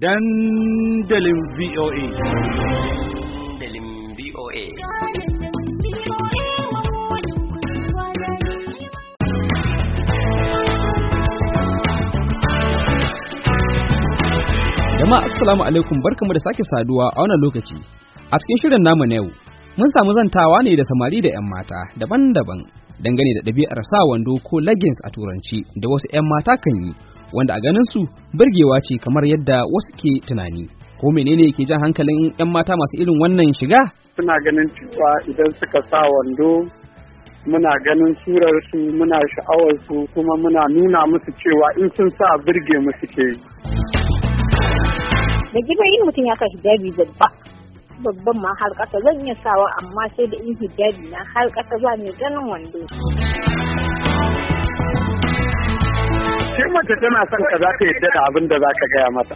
dandalin VOA. Dandalin VOA. Jama'a Assalamu alaikum barkamu da sake saduwa a wannan lokaci. A cikin shirin namu na yau, mun samu zantawa ne da samari da 'yan mata daban-daban dangane da ɗabi'ar sa wando ko leggings a turanci da wasu 'yan mata kan yi wanda a ganin su burgewa ce kamar yadda wasu ke tunani ko menene ke jan hankalin 'yan mata masu irin wannan shiga? Suna ganin cewa idan suka sa wando muna ganin surar muna sha'awarsu kuma muna nuna musu cewa in sun sa birge mu suke yi. Da yin mutum ya kashi hijabi babba babban ma har ƙasa zan iya sawa amma sai da in hijabi na har ƙasa za mai ganin wando. sai mace tana son ka za ta yadda da abin da za ka gaya mata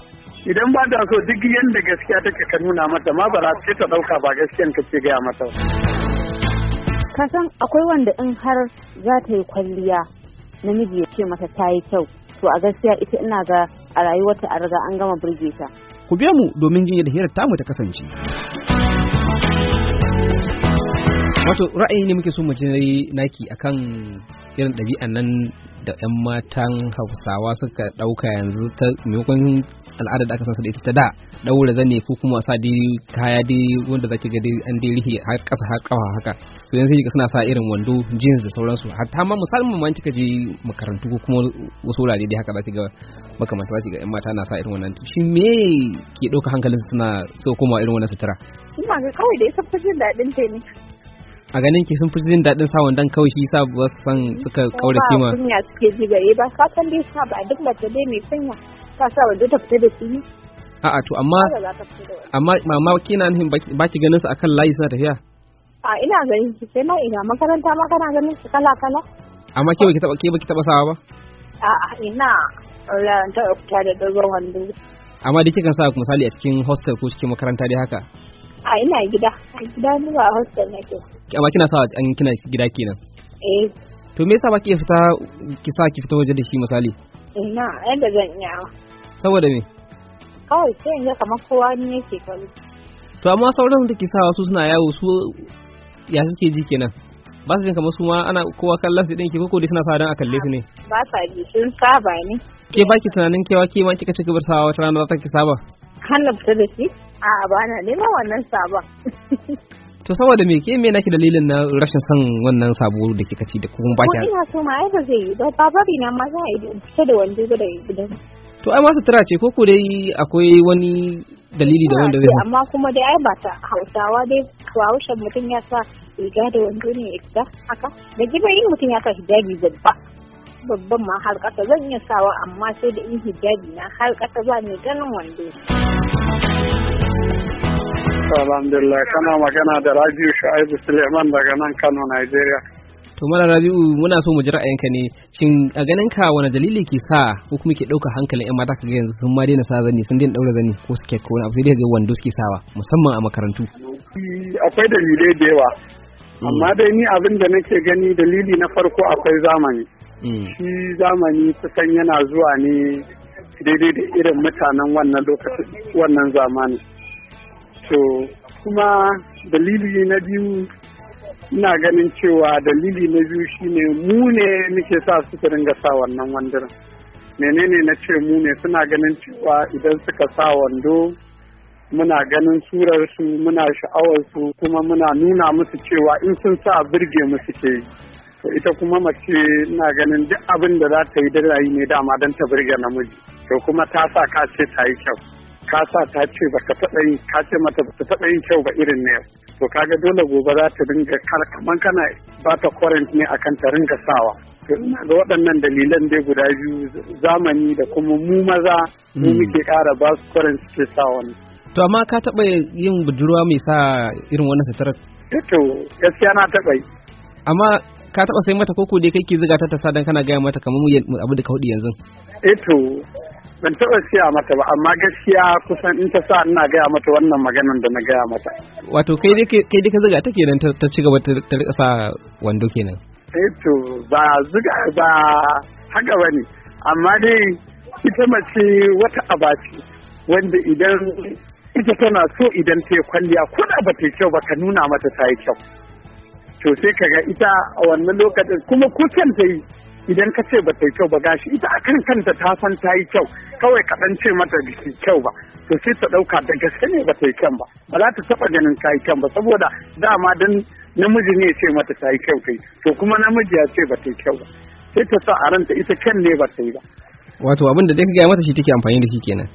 idan ba ta so duk da gaskiya take ka nuna mata ma ba za ta ta dauka ba gaskiyan ka ce gaya mata ka san akwai wanda in har za ta yi kwalliya namiji ya ce mata ta yi kyau to a gaskiya ita ina ga a rayuwarta a riga an gama burge ta ku biya mu domin jin yadda hirar tamu ta kasance wato ra'ayi ne muke so mu ji naki akan irin ɗabi'an nan da 'yan matan hausawa suka ɗauka yanzu ta maimakon al'adar da aka san su da ita ta da ɗaura zane ko kuma sa dai kaya dai wanda zaki ga an dai rihe har ƙasa har ƙafa haka so yanzu kika suna sa irin wando jeans da sauransu ta ma musamman ma kika je makarantu ko kuma wasu wurare dai haka zaki ga makamanta zaki ga 'yan mata na sa irin wannan shi me ke ɗauka hankalin suna so koma irin wannan sutura. Ina ga kawai da ya tabbacin da ta ne. a ganin ki sun fi jin daɗin sa wandan kawai shi sa ba su san suka kaura shi ma. Kunya suke ji gare eh, ba ka san dai sa ba duk mace dai mai sanya ka sa wando ta fita da shi a A'a to amma amma mama kina nufin ba ki ganin su akan layi sa tafiya. A ina ganin su sai ma ina makaranta ma kana ganin su kala kala. Amma ke baki taba ke baki taba sawa ba? A'a ina Allah ta ta da dogon wando. Amma da kika sa misali a cikin hostel ko cikin makaranta dai haka. a ina gida a gida ni ba hostel nake amma kina sa an kina gida kenan eh to me yasa ba ki fita ki sa ki fita waje da shi misali ina yadda zan iya saboda me kawai sai ga kamar kowa ne yake kallo to amma sauran da ke sawa su suna yawo su ya suke ji kenan ba su jin kamar su ma ana kowa kallon su ɗinki koko dai suna sa don a kalle su ne ba sa ji sun saba ne ke ba ki tunanin kewa ke ma kika ci gabar sawa wata rana za ta ki saba hannu fita da shi A'a ba na neman wannan sabon. To saboda me ke me nake dalilin na rashin son wannan sabo da kika ci da kuma ba ki. Ko ina so ma ai ba zai yi ba babari na ma za a yi fita da wanda da gidan. To ai masu tura ce ko ko dai akwai wani dalili da wanda zai. Amma kuma dai ai ba ta Hausawa dai Bahaushen mutum ya sa riga da wando ne ya fita haka da gidan mutum ya sa hijabi babba. Babban ma har ƙasa zan iya sawa amma sai da in hijabi na har ƙasa ba ne ganin wando. Alhamdulillah kana magana da Rabiu Shu'aibu Suleiman daga nan Kano, Nigeria. To mara Rabiu muna so mu ji ra'ayinka ne shin a ganin ka wani dalili ke sa ko kuma ke ɗauka hankalin ƴan mata kaga yanzu sun ma daina sa zani sun daina ɗaura zani ko suke ko wani abu sai dai ga wando suke sawa musamman a makarantu. Akwai dalilai da yawa mm. amma dai ni abin da nake gani dalili na farko akwai zamani. Mm. Shi zamani kusan yana zuwa ne daidai da irin mutanen wannan lokacin wannan zamanin. To kuma dalili na biyu ina ganin cewa dalili na biyu shine mu ne muke sa suka ringa sa wannan wandunan. menene na ce mu ne suna ganin cewa idan suka sa wando muna ganin surarsu muna sha'awarsu kuma muna nuna musu cewa in sun sa birge musu ke to ita kuma mace ina ganin duk abin da za ta yi da rayu ne dama don ta birge namiji to kuma ta sa ka ce ta yi kyau ka sa ta ce baka taɓa yi ka ce mata ba ta taɓa yin kyau ba irin ne to kaga dole gobe za ta dinga kaman kana ba ta current ne akan ta ringa sawa to ina ga waɗannan dalilan dai guda biyu zamani da kuma mu maza mu hmm. muke ƙara ba su current ke sawa ne to amma ka taɓa yin budurwa mai sa irin wannan suturar eh to gaskiya na taɓa yi amma ka taɓa sai mata koko dai kai ke ziga ta ta sa don kana gaya mata kamar mu abu da ka hudu yanzu eh to ban taɓa siya mata ba amma gaskiya kusan in ta sa ina gaya mata wannan maganan da na gaya mata wato kai dai ka zuga ta kenan ta ci gaba ta rika sa wando kenan eh to ba zuga ba haka bane amma dai ita mace wata abaci wanda idan ita tana so idan ta yi kwalliya ko da ba ta yi kyau ba ka nuna mata ta yi kyau to sai kaga ita a wannan lokacin kuma kusan ta yi idan ka ce ba ta yi kyau ba gashi ita a kan kanta ta san ta yi kyau kawai kaɗan ce mata da yi kyau ba to sai ta ɗauka da gaske ne ba ta yi kyan ba ba za ta taɓa ganin ta yi kyan ba saboda dama don namiji ne ce mata ta yi kyau kai to kuma namiji ya ce ba ta yi kyau ba sai ta sa a ranta ita kyan ne ba ta yi ba. wato abin da dai ka gaya mata shi take amfani da shi kenan.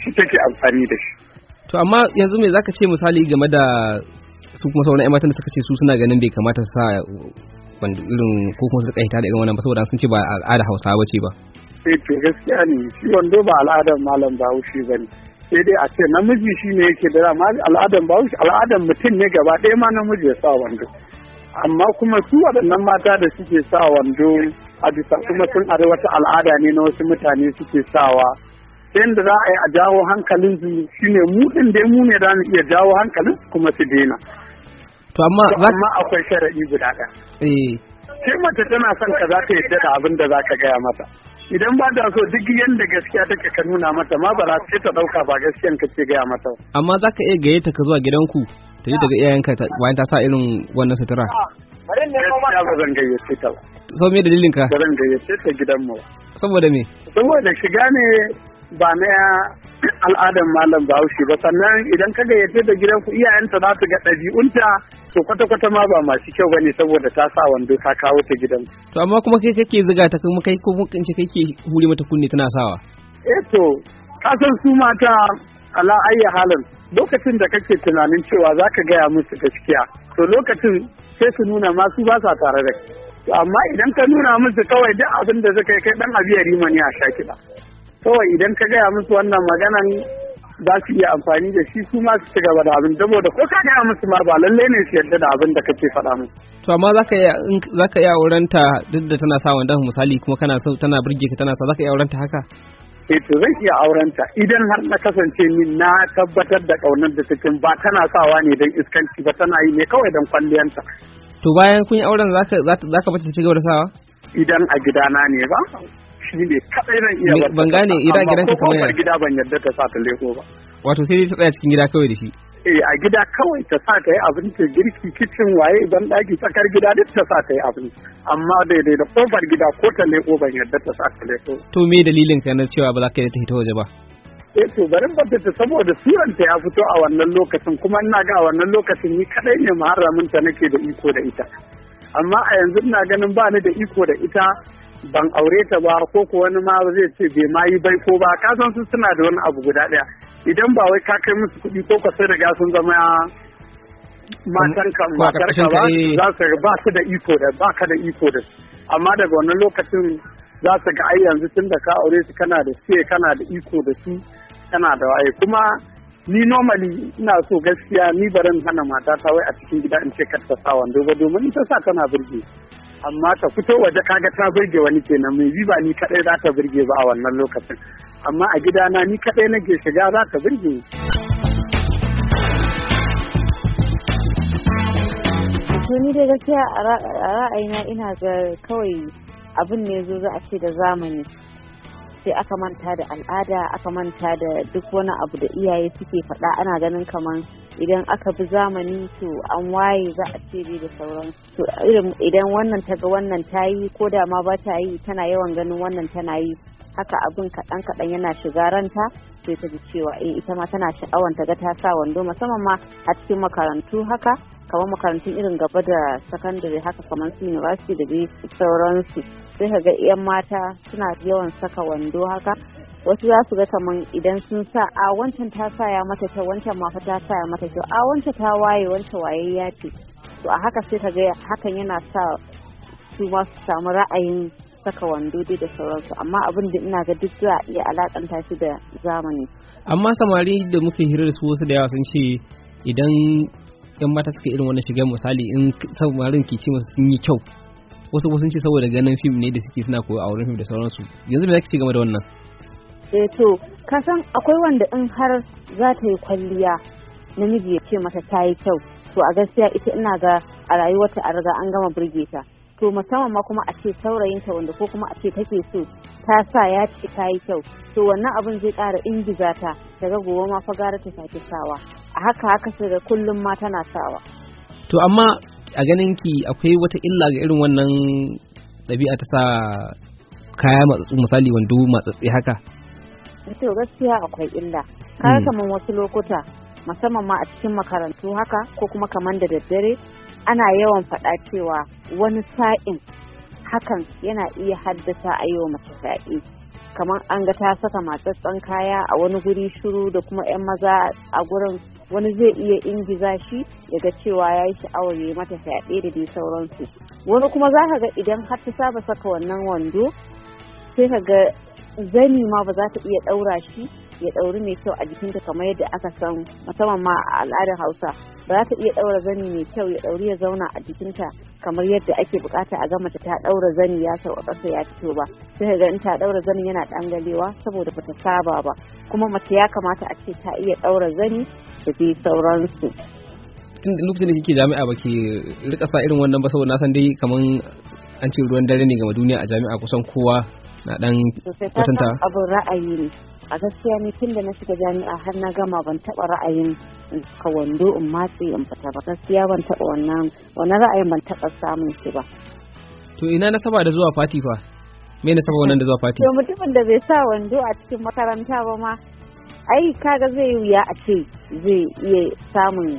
shi take amfani da shi. to amma yanzu me zaka ce misali game da su kuma sauran 'yan matan da suka ce su suna ganin bai kamata sa wanda irin ko kuma da irin wannan ba saboda sun ce ba al'ada Hausa ba ce ba eh to gaskiya ne shi wando ba al'adar malam Bahaushe ne sai dai a ce namiji ne yake da ma al'adar Bahaushe al'adar mutum ne gaba ɗaya ma namiji ya sa wando amma kuma su waɗannan mata da suke sa wando a bisa kuma sun are wata al'ada ne na wasu mutane suke sawa Sai da za a yi a jawo hankalin su ne mu ɗin dai mu ne za mu iya jawo hankalin kuma su daina to amma za ka akwai sharaɗi guda ɗaya eh sai mace tana son ka za ka yadda da abin da za ka gaya mata idan ba da so duk yadda gaskiya take ka nuna mata ma ba za ta ɗauka ba gaskiyan ka ce gaya mata amma za ka iya gayyata ka zuwa gidanku ta yi daga iyayenka bayan ta sa irin wannan sutura gaskiya ba zan gayyace ta ba sau me dalilin ka ba zan gayyace ta gidanmu saboda me saboda shiga ne ba na duk al'adar malam bahaushe ba sannan idan ka gayyace da gidan ku iyayenta za su ga ɗabi'unta to kwata-kwata ma ba masu kyau bane saboda ta sa wando ta kawo ta gidan to amma kuma kai kake ziga ta kuma kai kuma kince kake huri mata kunne tana sawa eh to ka san su mata ala ayya halin lokacin da kake tunanin cewa za ka gaya musu gaskiya to lokacin sai su nuna ma su ba sa tare da amma idan ka nuna musu kawai duk abin da zaka kai kai dan abiyari mani a sha kiɗa kawai idan ka gaya musu wannan maganan za su iya amfani da shi su ma su ci gaba da abin saboda ko ka gaya musu ma ba lallai ne su yarda da abin da kake faɗa mu. to amma ka iya zaka iya aurenta duk da tana sa wanda misali kuma kana so tana burge ka tana sa za ka iya aurenta haka eh to zan iya aurenta idan har na kasance ni na tabbatar da kaunar da cikin ba tana sawa ne don iskanci ba tana yi ne kawai don kwalliyanta to bayan kun yi auren za ka bata ci gaba da sawa idan a gidana ne ba shi ne kadai zan iya ba ban gane ira gidan ka kamar gida ban yadda ta sa ta leko ba wato sai dai ta tsaya cikin gida kawai da shi eh a gida kawai ta sa ta yi abinci girki kicin waye ban daki tsakar gida duk ta sa ta yi abinci amma daidai da kofar gida ko ta leko ban yadda ta sa ta leko to me dalilin ka na cewa ba za ka yi ta hito waje ba eh to bari bata ta saboda suranta ya fito a wannan lokacin kuma ina ga a wannan lokacin ni kadai ne muharramin ta nake da iko da ita amma a yanzu ina ganin ba ni da iko da ita ban aure ta ba ko ko wani ma zai ce bai ma yi bai ko ba ka san su suna da wani abu guda ɗaya idan ba wai ka kai musu kuɗi ko ka sai da sun zama matan ka matar ka ba za su ba su da iko da ba ka da iko da amma daga wannan lokacin za su ga ai yanzu tun da ka aure su kana da sai kana da iko da su kana da waye kuma ni normally ina so gaskiya ni barin hana matata wai a cikin gida in ce ka ta sa wando ba domin ta sa kana burge amma ka fito waje kaga ta birge wani kenan mai bi ba ni kadai za ta burge ba a wannan lokacin amma a gidana ni kadai na ke shiga za ta burge to ni dai gaskiya a ra'ayina ina ga kawai abin ne zo za a ce da zamani sai aka manta da al'ada aka manta da duk wani abu da iyaye suke faɗa ana ganin kamar idan aka bi zamani to an waye za a ce da sauran to idan wannan ta ga wannan ta yi ko da ma ba ta yi tana yawan ganin wannan tana yi haka abin kaɗan kaɗan yana shiga ranta sai ta ji cewa eh ita ma tana sha'awan ta ga ta sa wando musamman ma a cikin makarantu haka kamar makarantun irin gaba da sakandare haka kamar su university da sauransu sai ka ga 'yan mata suna yawan saka wando haka wasu za su ga kaman idan sun sa a wancan ta saya mata ta wancan ma ta saya mata kyau a wancan ta waye wancan waye ya fi to a haka sai ka ga hakan yana sa su ma su samu ra'ayin saka wando dai da sauransu amma abin da ina ga duk za iya alakanta shi da zamani amma samari da muke hirar su wasu da yawa sun ce idan yan mata suka irin wannan shiga misali in samarin ke ce masu sun yi kyau wasu sun ce saboda ganin fim ne da suke suna koyo a wurin fim da sauransu yanzu me zaki ci game da wannan eh to kasan akwai wanda in har za ta yi kwalliya namiji ya ce mata ta yi kyau to a gaskiya ita ina ga a rayuwarta a riga an gama burge ta to musamman ma kuma a ce saurayinta wanda ko kuma a ce take so ta sa ya ce ta yi kyau to wannan abin zai ƙara ingiza ta daga gobe ma fa gara ta sake sawa a haka haka sai da kullum ma tana sawa to amma a ganin ki akwai wata illa ga irin wannan ɗabi'a ta sa kaya matsatsu misali wando matsatsi haka to gaskiya akwai illa kaga kamar hmm. wasu lokuta musamman ma a cikin makarantu haka ko kuma kamar da daddare ana yawan faɗa cewa wani sa'in hakan yana iya haddasa a yi wa mace fyaɗe kamar an ga ta saka matsatsan kaya a wani guri shuru da kuma 'yan maza a gurin wani zai iya ingiza shi ya ga cewa ya yi sha'awar ya mata fyaɗe da dai sauransu wani kuma za ka ga idan har ta saba saka wannan wando sai ka ga zani ma ba za ta iya ɗaura shi ya ɗauri mai kyau a jikinta kamar yadda aka san musamman ma a al'adar hausa ba za ta iya ɗaura zani mai kyau ya ɗauri ya zauna a jikinta kamar yadda ake bukata a gama ta ɗaura zani ya sau a ƙasa ya fito ba sai ka ta ɗaura zani yana ɗangalewa saboda bata saba ba kuma mace ya kamata a ce ta iya ɗaura zani da dai sauransu tun da lokacin da kike jami'a ba rika sa irin wannan ba saboda na san dai kaman an ce ruwan dare ne gama duniya a jami'a kusan kowa na dan kwatanta abin ra'ayi ne a gaskiya ni tun da na shiga jami'a har na gama ban taba ra'ayin ka wando in matse in fita ba gaskiya ban taba wannan wannan ra'ayin ban taba samun shi ba to ina na saba da zuwa fati fa me saba wannan da zuwa fati to mutumin da bai sa wando a cikin makaranta ba ma ai kaga zai yi wuya a ce zai iya samun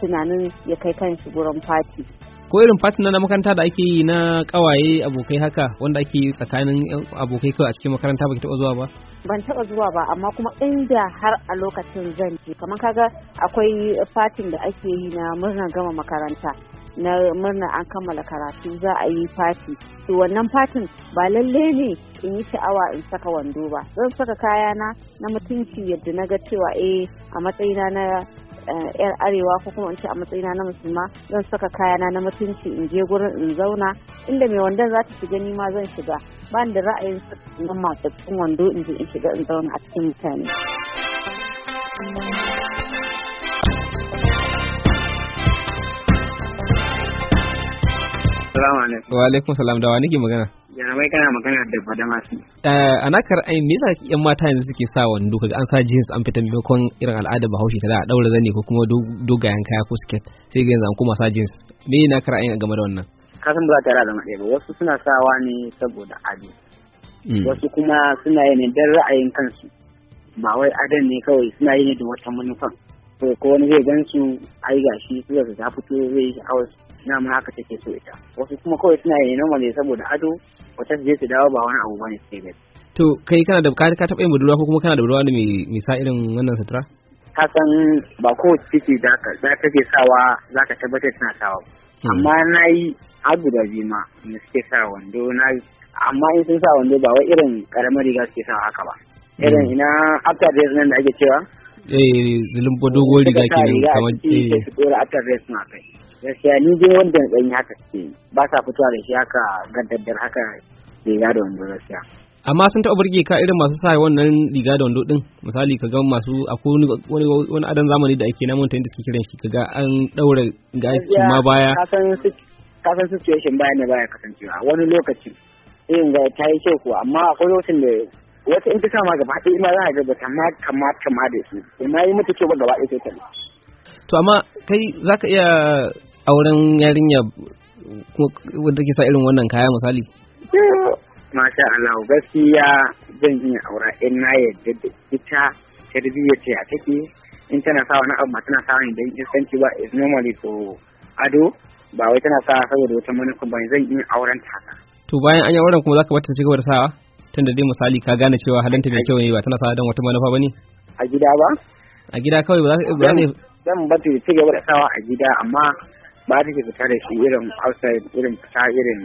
tunanin ya kai kan shi gurin fati ko irin fatin na makaranta da ake yi na kawaye abokai haka wanda ake yi tsakanin abokai kawai a cikin makaranta ki taba zuwa ba ban taba zuwa ba amma kuma inda har a lokacin zan je kamar kaga akwai fatin da ake yi na murnar gama makaranta na murna an kammala karatu za a yi fati to wannan fatin ba lalle ne in yi sha'awa in saka wando ba zan saka kayana na mutunci yadda na ga cewa eh a matsayina na Eh, yar arewa ko kuma in ce a matsayina na musulma zan saka kayana na mutunci in je gurin in zauna inda mai wandon za ta shiga ni ma zan shiga ba da ra'ayin nan matsattun wando in je in shiga in zauna a cikin mutane. Salamu alaikum. Wa alaikum salam da wa nake magana? jarabai kana magana da fadama su eh, a nakar ai me yasa yan mata yanzu suke sa wando kaga an sa jeans an fita maimakon irin al'ada bahaushe ta da a daura zani ko kuma dogayen kaya ko suke sai ga yanzu an kuma sa jeans me ne nakar ai game da wannan kasan ba ta rada ɗaya ba wasu suna sawa ne saboda adi. Hmm. wasu kuma suna yi ne don ra'ayin kansu ba wai adan ne kawai suna yi ne da wata manufan to ko wani zai gan su ai gashi su da ta fito zai yi sha'awar na ma haka take so ita wasu kuma kawai suna yi ne saboda ado wata je su dawo ba wani abu bane sai ne to kai kana da ka taɓa yin budurwa ko kuma kana da budurwa da mai sa irin wannan sutura ka san ba ko ciki za ta ke sawa za ka tabbatar tana sawa hmm. amma na yi abu da biyu ma ne suke sa wando na amma in sun sa wando ba wai irin karamar riga suke sa haka ba hmm. irin ina after dress nan da ake cewa eh zulumbo dogon riga ke nan kamar eh after dress na kai gaskiya ni dai wanda ɗan haka suke ba sa fitowa da shi haka gaddaddar haka da riga da wando gaskiya amma sun taɓa burge ka irin masu sa wannan riga da wando din misali ka ga masu akwai wani wani adan zamani da ake namun ta da suke kiran shi ka ga an ɗaura su ma baya ka san situation baya ne baya kasancewa wani lokaci irin ga ta yi kyau kuwa amma akwai lokacin da wata in ta sa ma gaba ɗaya ma za a ga ba kama ma kamata ma da su Ina yi mata kyau gaba ɗaya sai ta to amma kai za ka iya auren yarinya wadda ke sa irin wannan kaya misali? Masha Allah gaskiya zan iya aura in na yadda da ita tarbiyyar ce a take in tana sa wani abu tana sa wani dan isan ba is normally so ado ba wai tana sa saboda wata manufa ba zan iya auren ta haka. To bayan an yi auren kuma zaka bata ta cigaba da sawa? da dai misali ka gane cewa halinta mai kyau ne ba tana sa don wata manufa ba ne? A gida ba? A gida kawai ba za ka ne? Zan bata ta cigaba da sawa a gida amma ba ta ke fita da shi irin outside irin fita irin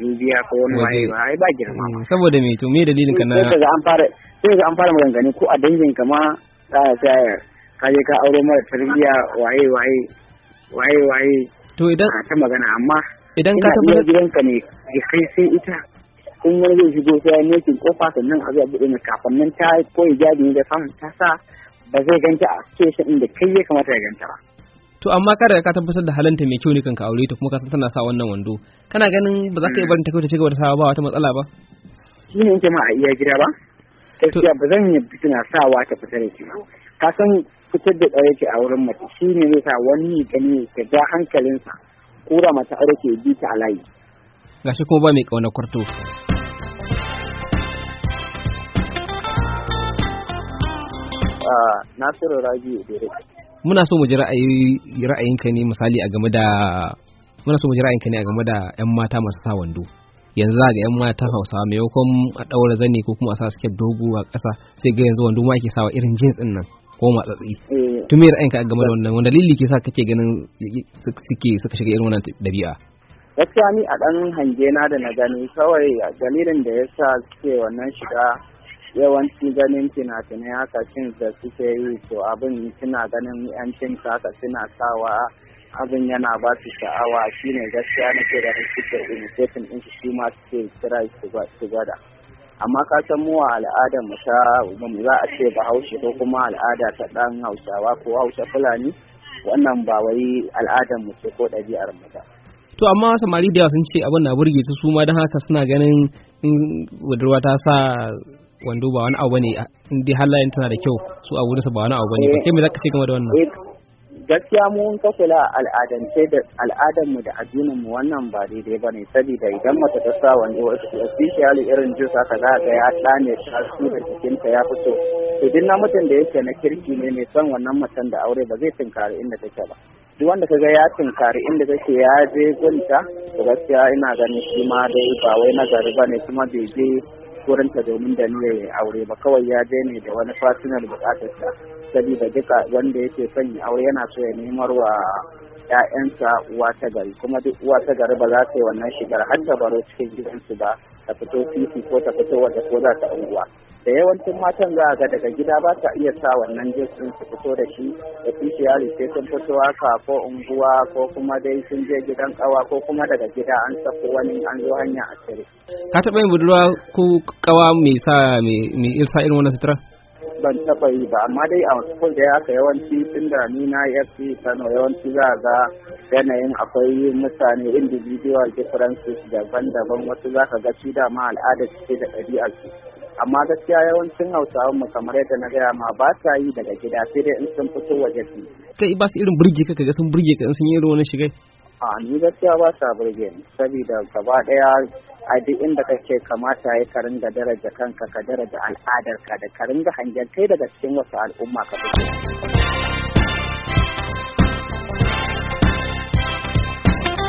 dubiya ko wani waye ba ai ba girma eh, saboda me to me dalilin ka na sai ga an fara sai ga an fara maganganu ko a dangin ka ma ta ka je ka aure mara tarbiya waye waye waye waye to idan ta magana amma idan ka tabbata gidanka ne kai sai ita Kun wani zai shigo sai ya nekin kofa sannan a zai buɗe kafin nan ta koyi jadi da samun ta sa ba zai ganta a situation inda kai ya kamata ya ganta ba to amma ka ka tabbatar da halanta mai kyau ne kanka aure ta kuma ka san tana sa wannan wando kana ganin ba za ka iya barin ta kawai ta cigaba da sawa ba wata matsala ba shi ne yake ma a iya gida ba gaskiya ba zan yi tana sawa ta fita da ki ba ka san fitar da ɗaya ke a wurin mace shi ne zai sa wani gani ta ja hankalinsa kura mata aure ke bi ta a layi gashi kuma ba mai kauna kwarto ah, Nasiru Raji Dere muna so mu ji ra'ayinka ne misali a game da muna so mu ji ra'ayinka ne a game da yan mata masu sa wando yanzu za ga yan mata hausa maimakon a ɗaura zani ko kuma a sa suke dogo a ƙasa sai ga yanzu wando ma ake sawa irin jeans din nan ko matsatsi eh. to me ra'ayinka a game da wannan wanda lili ke sa kake ganin suke suka shiga irin wannan ɗabi'a gaskiya ni a ɗan hange na da na gani kawai dalilin da ya sa suke wannan shiga yawanci ganin fina-finai haka cin da suke yi to abin suna ganin yancin haka suna sawa abin yana ba su sha'awa shine gaskiya nake da suke imitating din shi ma suke kira su gada amma ka san mu a al'adar mu ta mu za a ce bahaushe ko kuma al'ada ta dan hausawa ko hausa fulani wannan ba wai al'adar mu ko ɗabi'ar mu ba to amma samari da sun ce abin na burge su su ma don haka suna ganin budurwa ta sa wando ba wani abu ne in dai halayen tana da kyau su a wurinsa ba wani abu ne ba eh, kai me zaka ce game da wannan eh, gaskiya mu ka kula al'adance da al'adar mu da addinin mu wannan ba daidai bane saboda idan mace ta sa wando especially irin jus aka za ga ya tsane ta su da cikin ta ya fito to na namijin da yake na kirki ne mai son wannan matan da aure ba zai tinkari inda take ba duk wanda kaga ya tinkari inda take ya je gunta to gaskiya ina ganin shi ma dai ba wai nazari bane kuma bai je kuranta domin da niyyar aure ba kawai ya je ne da wani fasinar bukatarsa saboda duka wanda yake son ya aure yana so ya nemar wa ‘ya'yansa uwa ta gari kuma duk uwa ta gari ba za ta yi wannan shigar har ta baro cikin gidansu ba ta fito titi ko ta fito wata ko za ta unguwa da yawancin matan za ga daga gida ba ta iya sa wannan jins su fito da shi da sai sun fito haka ko unguwa ko kuma dai sun je gidan kawa ko kuma daga gida an sako wani an zo hanya a tsere. ka taɓa yin budurwa ko kawa mai sa mai sa irin wannan sutura ban taɓa yi ba amma dai a school da haka yawanci tun da ni na fi kano yawanci za ga yanayin akwai mutane individual differences daban-daban wasu za ka ga shi dama al'adar cike da ɗabi'ar su amma gaskiya yawancin hausawan mu kamar yadda na gaya ma ba sa yi daga gida sai dai in sun fito waje su kai ba su irin burge ka ga sun burge ka in sun yi irin wani shigai a ni gaskiya ba sa burge ni saboda gaba daya a duk inda kake kamata ya ka ringa daraja kanka ka daraja al'adarka da ka ringa hangen kai daga cikin wasu al'umma ka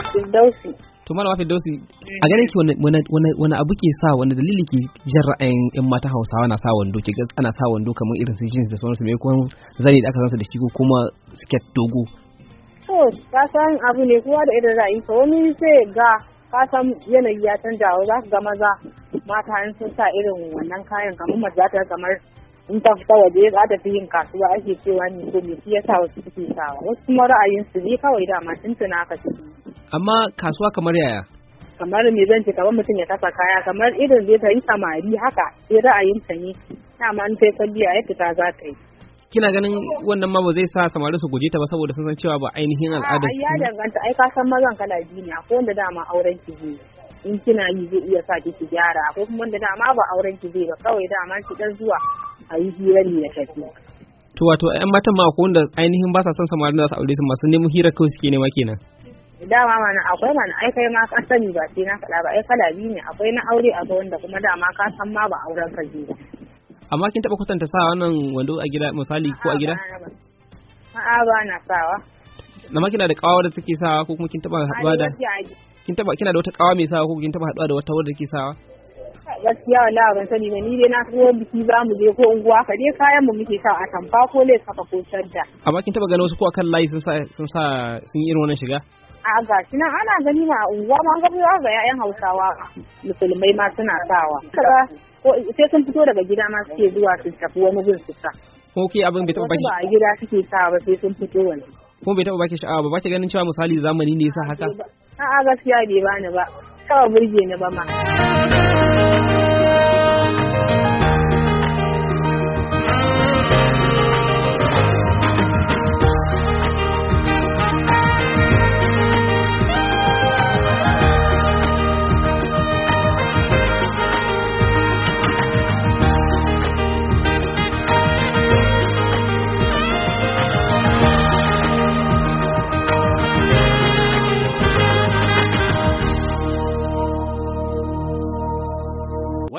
fito Dausi to malama Firdausi a ganin ki wani abu ke sa wani dalili ke jan ra'ayin yan mata Hausawa na sa wando ke ana sa wando kamar irin su jeans da sauransu mai kuma zane da aka san da shi ko kuma siket dogo to ka san abu ne kowa da irin ra'ayi to wani sai ga ka san yanayi ya canja za ka ga maza mata an sun sa irin wannan kayan kamar maza ta kamar in ta fita waje za ta fi yin kasuwa ake cewa ni ko me shi sa wasu suke sawa wasu kuma ra'ayin su ne kawai dama tuna ka suke amma kasuwa kamar yaya kamar me zan ce kamar mutum ya kasa kaya kamar irin zai ta yi samari haka sai ra'ayin ta ne dama in ta yi a ya fita za ta yi kina ganin wannan ma ba zai sa samari su guje ta ba saboda sun san cewa ba ainihin al'ada ai ya danganta ai ka san mazan kala biyu ne akwai wanda dama auren ki ne in kina yi zai iya sa ki gyara akwai kuma wanda dama ba auren ki zai ba kawai dama ki dan zuwa a yi hira ne ya tafi to wato 'yan matan ma akwai wanda ainihin ba sa son samarin da su aure su masu neman hira kawai suke nema kenan dama mana akwai ma ai aikai ma ka sani ba sai na faɗa ba ai kala ne akwai na aure a ga wanda kuma dama ka san ma ba auren ka je amma kin taɓa kwatanta sa wannan wando a gida misali ko a gida a'a ba na sawa na ma kina da kawa da take sawa ko kuma kin taɓa haɗuwa da kin taɓa kina da wata kawa mai sawa ko kin taɓa haɗuwa da wata wadda take sawa gaskiya wallahi ban sani ba ni dai na ko biki za mu je ko unguwa ka dai kayan mu muke sa a tamfa ko le saka ko sadda. amma kin taba ganin wasu ko akan layi sun sa sun sa sun yi irin wannan shiga a ga shi nan ana gani ma a unguwa ma ga ga yayan Hausawa musulmai ma suna sawa kaga ko sai sun fito daga gida ma suke zuwa su tafi wani gun su sa ko ke abin bai taba baki ba a gida suke sa ba sai sun fito wani kuma bai taba baki sha'awa ba baki ganin cewa misali zamani ne yasa haka a'a gaskiya bai bani ba kawai burge ni ba ma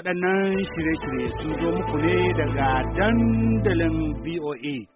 waɗannan shirye-shirye sun zo muku ne daga dandalin VOA.